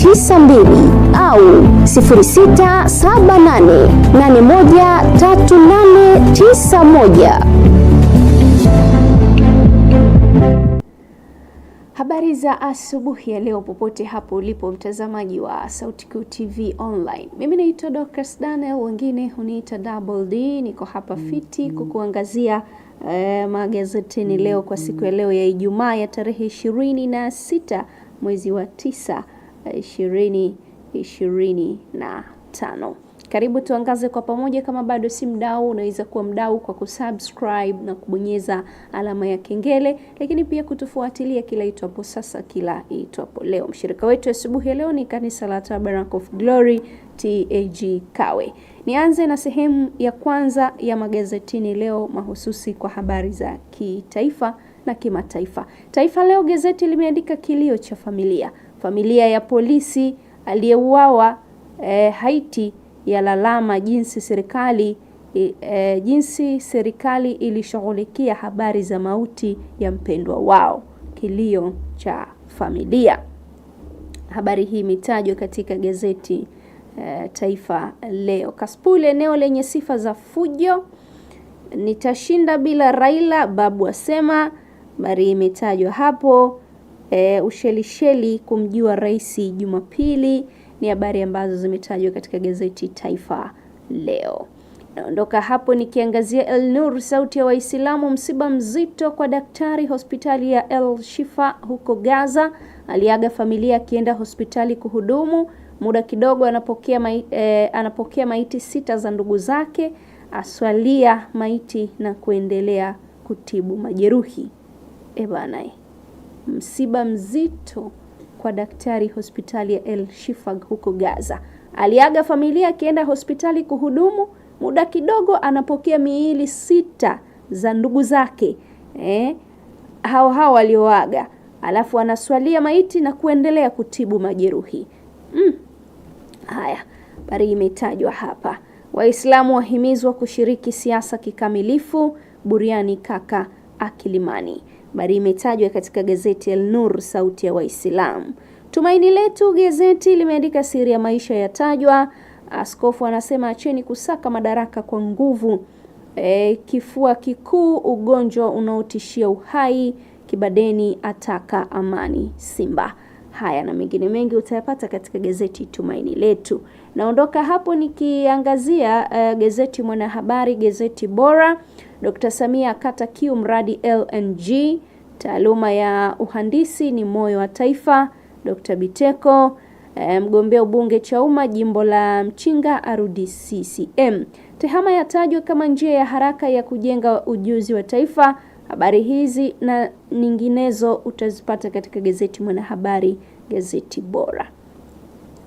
92 au 0678813891. Habari za asubuhi ya leo popote hapo ulipo mtazamaji wa Sauti Kuu TV Online. Mimi naitwa Dorcas Daniel, wengine huniita Double D. Niko hapa mm, fiti mm. kukuangazia eh, magazetini mm, leo kwa siku ya leo ya Ijumaa ya tarehe ishirini na sita mwezi wa tisa ishirini ishirini na tano. Karibu tuangaze kwa pamoja. Kama bado si mdau, unaweza kuwa mdau kwa kusubscribe na kubonyeza alama ya kengele, lakini pia kutufuatilia kila itwapo sasa, kila itwapo leo. Mshirika wetu asubuhi ya leo ni kanisa la Tabernacle of Glory TAG Kawe. Nianze na sehemu ya kwanza ya magazetini leo mahususi kwa habari za kitaifa na kimataifa. Taifa Leo gazeti limeandika kilio cha familia, familia ya polisi aliyeuawa eh, Haiti yalalama jinsi serikali e, jinsi serikali ilishughulikia habari za mauti ya mpendwa wao. Kilio cha familia, habari hii imetajwa katika gazeti e, Taifa Leo. kaspul eneo lenye sifa za fujo, nitashinda bila Raila, babu asema habari imetajwa hapo. E, Ushelisheli kumjua rais Jumapili ni habari ambazo zimetajwa katika gazeti Taifa Leo. Naondoka hapo nikiangazia El Nur, sauti ya Waislamu. Msiba mzito kwa daktari hospitali ya El Shifa huko Gaza, aliaga familia akienda hospitali kuhudumu. Muda kidogo anapokea, mai, eh, anapokea maiti sita za ndugu zake, aswalia maiti na kuendelea kutibu majeruhi. Ebana, eh, msiba mzito kwa daktari hospitali ya El Shifag huko Gaza. Aliaga familia akienda hospitali kuhudumu. Muda kidogo anapokea miili sita za ndugu zake eh, hao hao walioaga, alafu anaswalia maiti na kuendelea kutibu majeruhi mm. Haya, habari imetajwa hapa. Waislamu wahimizwa kushiriki siasa kikamilifu. Buriani kaka Akilimani bali imetajwa katika gazeti El Nur, sauti ya Waislamu. Tumaini Letu gazeti limeandika siri ya maisha yatajwa. Askofu anasema acheni kusaka madaraka kwa nguvu. E, kifua kikuu ugonjwa unaotishia uhai. Kibadeni ataka amani Simba. Haya na mengine mengi utayapata katika gazeti Tumaini Letu. Naondoka hapo nikiangazia uh, gazeti Mwanahabari, gazeti bora Dkt. Samia akata kiu mradi LNG. Taaluma ya uhandisi ni moyo wa taifa. Dkt. Biteko e, mgombea ubunge Chauma jimbo la Mchinga arudi CCM. Tehama yatajwa kama njia ya haraka ya kujenga ujuzi wa taifa. Habari hizi na nyinginezo utazipata katika gazeti Mwanahabari, gazeti bora.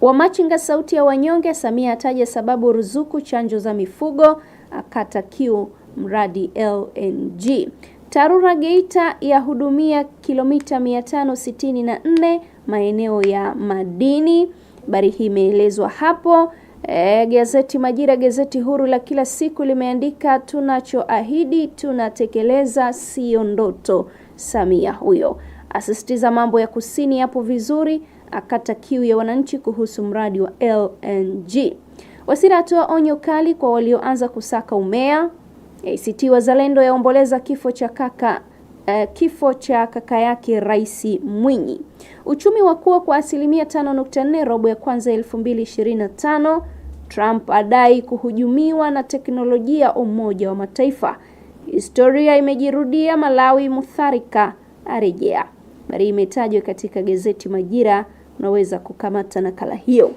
Wamachinga sauti ya wanyonge. Samia ataja sababu ruzuku, chanjo za mifugo, akata kiu mradi LNG. TARURA Geita yahudumia kilomita 564 maeneo ya madini. Habari hii imeelezwa hapo. E, gazeti Majira, gazeti huru la kila siku limeandika tunachoahidi tunatekeleza, sio ndoto. Samia huyo asisitiza mambo ya kusini yapo vizuri, akata kiu ya wananchi kuhusu mradi wa LNG. Wasira atoa onyo kali kwa walioanza kusaka umea. ACT Wazalendo yaomboleza kifo cha kaka Uh, kifo cha kaka yake Rais Mwinyi. Uchumi wa kuwa kwa asilimia 5.4 robo ya kwanza 2025. Trump adai kuhujumiwa na teknolojia Umoja wa Mataifa. Historia imejirudia Malawi, Mutharika arejea. Habari imetajwa katika gazeti Majira, unaweza kukamata nakala hiyo.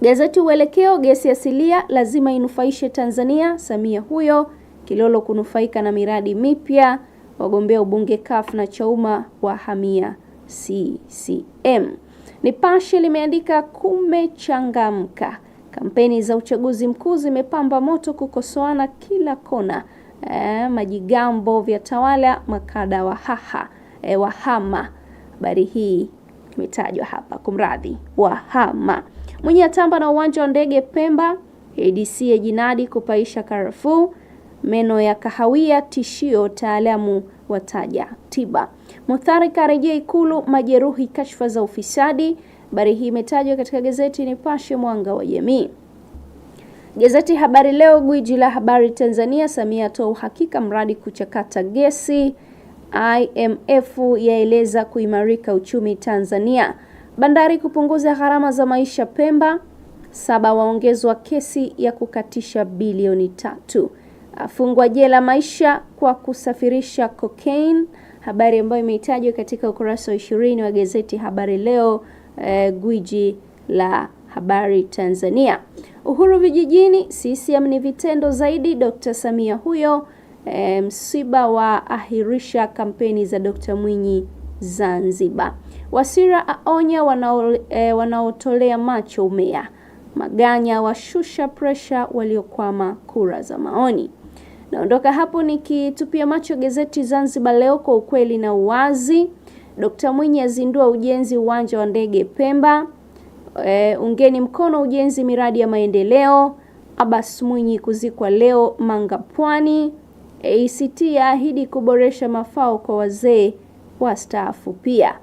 Gazeti Uelekeo, gesi asilia lazima inufaishe Tanzania, Samia huyo Kilolo kunufaika na miradi mipya, wagombea ubunge CUF na Chauma wahamia CCM. Nipashe limeandika kumechangamka, kampeni za uchaguzi mkuu zimepamba moto, kukosoana kila kona. E, majigambo vya tawala makada haha e, wahama. Habari hii imetajwa hapa, kumradhi, wahama. Mwinyi atamba na uwanja wa ndege Pemba. ADC jinadi kupaisha karafuu. Meno ya kahawia tishio, wataalamu wataja tiba. Mutharika arejea Ikulu, majeruhi kashfa za ufisadi. Habari hii imetajwa katika gazeti Nipashe Mwanga wa Jamii. Gazeti Habari Leo, gwiji la habari Tanzania. Samia atoa uhakika mradi kuchakata gesi. IMF yaeleza kuimarika uchumi Tanzania. Bandari kupunguza gharama za maisha Pemba. Saba waongezwa kesi ya kukatisha bilioni tatu. Afungwa jela maisha kwa kusafirisha cocaine, habari ambayo imeitajwa katika ukurasa wa ishirini wa gazeti Habari Leo, eh, gwiji la habari Tanzania. Uhuru vijijini, CCM ni vitendo zaidi. Dr. Samia huyo. Eh, msiba wa ahirisha kampeni za Dr. Mwinyi Zanzibar. Wasira aonya wanao, e, wanaotolea macho umea. Maganya washusha presha waliokwama kura za maoni. Naondoka hapo nikitupia macho gazeti Zanzibar Leo kwa ukweli na uwazi. Dkt. Mwinyi azindua ujenzi uwanja wa ndege Pemba. E, ungeni mkono ujenzi miradi ya maendeleo. Abbas Mwinyi kuzikwa leo Manga Pwani. ACT yaahidi kuboresha mafao kwa wazee wastaafu pia.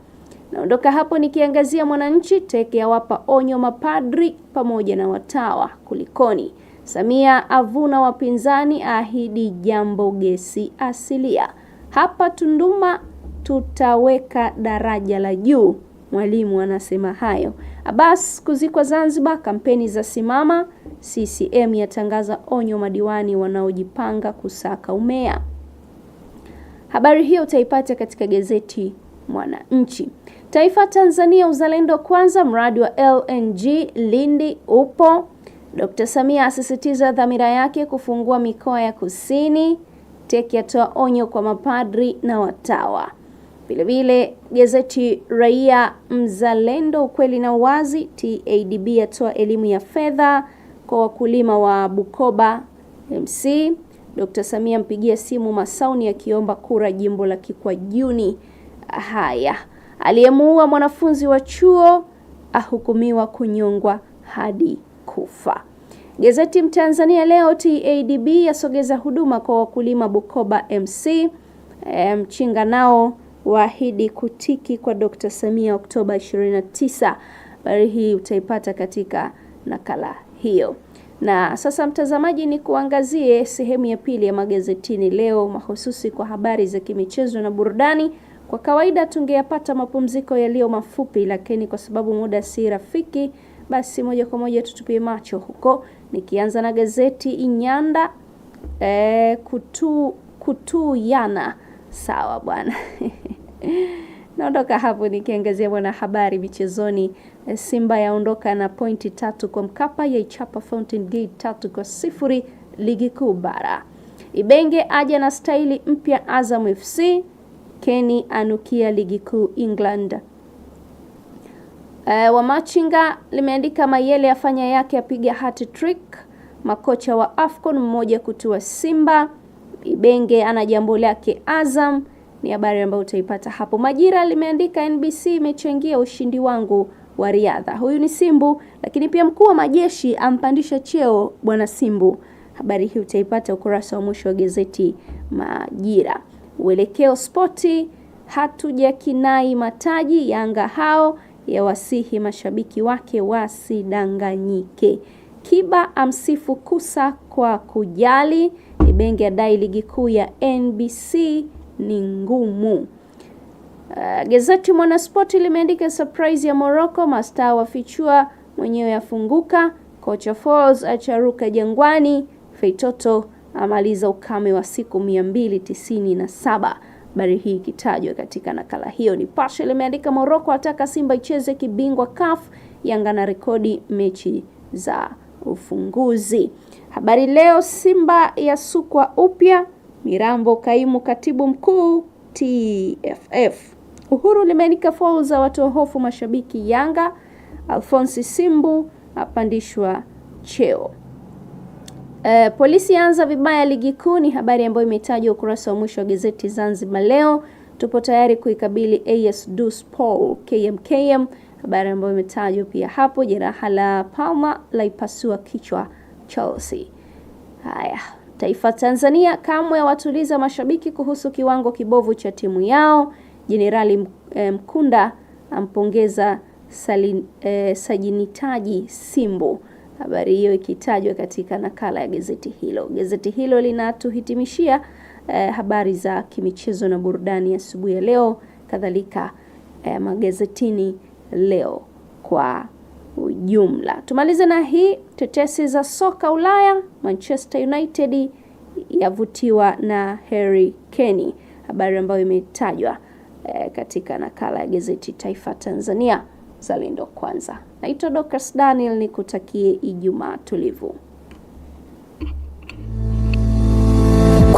Naondoka hapo nikiangazia Mwananchi, Teke yawapa onyo mapadri pamoja na watawa kulikoni. Samia avuna wapinzani, ahidi jambo gesi asilia. Hapa Tunduma tutaweka daraja la juu, Mwalimu anasema hayo. Abbas kuzikwa Zanzibar, kampeni za simama. CCM yatangaza onyo madiwani wanaojipanga kusaka umea. Habari hiyo utaipata katika gazeti mwananchi. Taifa Tanzania uzalendo kwanza, mradi wa LNG Lindi upo. Dkt. Samia asisitiza dhamira yake kufungua mikoa ya kusini. TEC yatoa onyo kwa mapadri na watawa. Vilevile gazeti Raia Mzalendo, ukweli na uwazi. TADB yatoa elimu ya fedha kwa wakulima wa Bukoba MC. Dkt. Samia mpigia simu Masauni akiomba kura jimbo la Kikwajuni. Haya, aliyemuua mwanafunzi wa chuo ahukumiwa kunyongwa hadi kufa. Gazeti Mtanzania leo TADB yasogeza huduma kwa wakulima Bukoba MC. E, eh, mchinga nao waahidi kutiki kwa Dr. Samia Oktoba 29. Habari hii utaipata katika nakala hiyo. Na sasa mtazamaji, ni kuangazie sehemu ya pili ya magazetini leo mahususi kwa habari za kimichezo na burudani. Kwa kawaida tungeyapata mapumziko yaliyo mafupi, lakini kwa sababu muda si rafiki, basi moja kwa moja tutupie macho huko, nikianza na gazeti Inyanda e, kutu yana Sawa bwana naondoka hapo nikiangazia mwanahabari michezoni. Eh, Simba yaondoka na pointi tatu kwa Mkapa, yaichapa Fountain Gate tatu kwa sifuri ligi kuu bara. Ibenge aja na staili mpya Azam FC. Kane anukia ligi kuu England. Uh, Wamachinga limeandika Mayele afanya yake apiga hat trick. Makocha wa Afcon mmoja kutua Simba. Ibenge ana jambo lake Azam. Ni habari ambayo utaipata hapo. Majira limeandika NBC imechangia ushindi wangu wa riadha. Huyu ni Simbu, lakini pia mkuu wa majeshi ampandisha cheo bwana Simbu. Habari hii utaipata ukurasa wa mwisho wa gazeti Majira. Uelekeo Spoti hatujakinai mataji. Yanga hao yawasihi mashabiki wake wasidanganyike. Kiba amsifu Kusa kwa kujali. Ibenge adai ligi kuu ya NBC ni ngumu. Uh, gazeti Mwanaspoti limeandika surprise ya Morocco, mastaa wafichua mwenyewe afunguka, kocha acharuka Jangwani, Feitoto amaliza ukame wa siku 297 habari hii ikitajwa katika nakala hiyo. Nipashe limeandika Moroko ataka Simba icheze kibingwa CAF, Yanga na rekodi mechi za ufunguzi. Habari Leo, Simba yasukwa upya, Mirambo kaimu katibu mkuu TFF. Uhuru limeandika Fouza watoa hofu mashabiki Yanga, Alfonsi Simbu apandishwa cheo. Uh, polisi yaanza vibaya ligi kuu ni habari ambayo imetajwa ukurasa wa mwisho wa gazeti Zanzibar Leo. Tupo tayari kuikabili AS Sport KMKM, habari ambayo imetajwa pia hapo. Jeraha la Palma laipasua kichwa Chelsea. Haya, Taifa Tanzania kamwe watuliza mashabiki kuhusu kiwango kibovu cha timu yao. Jenerali eh, Mkunda ampongeza eh, sajinitaji Simbo habari hiyo ikitajwa katika nakala ya gazeti hilo. Gazeti hilo linatuhitimishia eh, habari za kimichezo na burudani asubuhi ya, ya leo kadhalika eh, magazetini leo kwa ujumla. Tumalize na hii tetesi za soka Ulaya. Manchester United yavutiwa na Harry Kane, habari ambayo imetajwa eh, katika nakala ya gazeti Taifa Tanzania. Zalendo Kwanza. Naitwa Dorcas Daniel, nikutakie Ijumaa tulivu.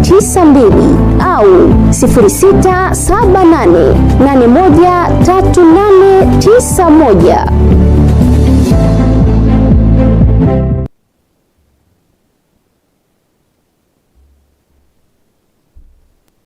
mbili au moja